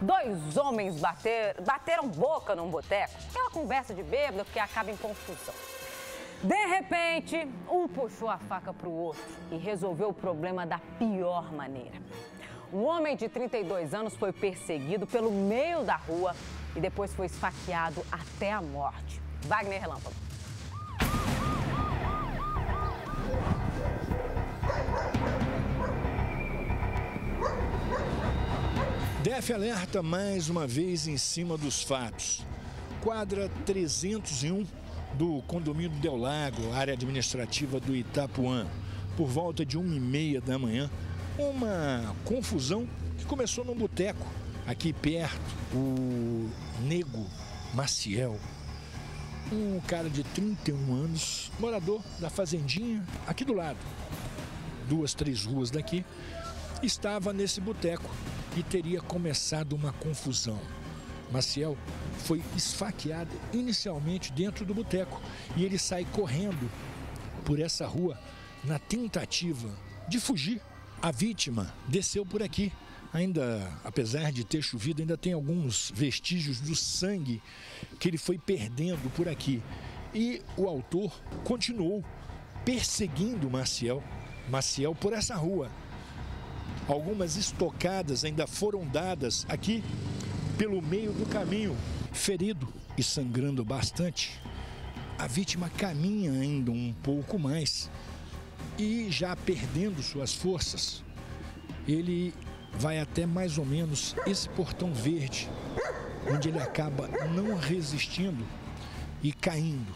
Dois homens bater, bateram boca num boteco. É uma conversa de bêbado que acaba em confusão. De repente, um puxou a faca para o outro e resolveu o problema da pior maneira. Um homem de 32 anos foi perseguido pelo meio da rua e depois foi esfaqueado até a morte. Wagner Relâmpago. DF alerta mais uma vez em cima dos fatos. Quadra 301 do condomínio Del Lago, área administrativa do Itapuã. Por volta de 1h30 da manhã, uma confusão que começou num boteco aqui perto. O Nego Maciel, um cara de 31 anos, morador da Fazendinha, aqui do lado, duas, três ruas daqui, estava nesse boteco e teria começado uma confusão. Maciel foi esfaqueado inicialmente dentro do boteco e ele sai correndo por essa rua na tentativa de fugir. A vítima desceu por aqui. Ainda, apesar de ter chovido, ainda tem alguns vestígios do sangue que ele foi perdendo por aqui. E o autor continuou perseguindo Maciel, Maciel por essa rua Algumas estocadas ainda foram dadas aqui pelo meio do caminho, ferido e sangrando bastante. A vítima caminha ainda um pouco mais e já perdendo suas forças, ele vai até mais ou menos esse portão verde, onde ele acaba não resistindo e caindo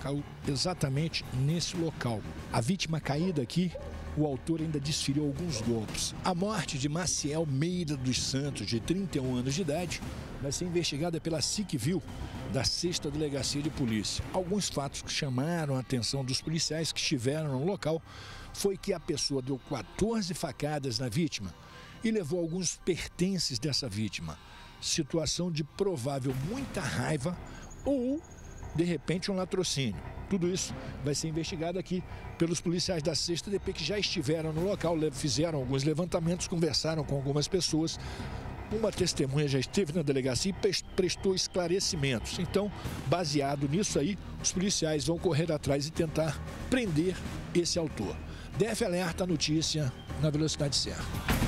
caiu exatamente nesse local. A vítima caída aqui, o autor ainda desferiu alguns golpes. A morte de Maciel Meira dos Santos, de 31 anos de idade, vai ser investigada pela SICVIL, da 6 Delegacia de Polícia. Alguns fatos que chamaram a atenção dos policiais que estiveram no local foi que a pessoa deu 14 facadas na vítima e levou alguns pertences dessa vítima. Situação de provável muita raiva ou de repente um latrocínio. Tudo isso vai ser investigado aqui pelos policiais da Sexta DP que já estiveram no local, fizeram alguns levantamentos, conversaram com algumas pessoas. Uma testemunha já esteve na delegacia e prestou esclarecimentos. Então, baseado nisso aí, os policiais vão correr atrás e tentar prender esse autor. Deve alerta a notícia na velocidade certa.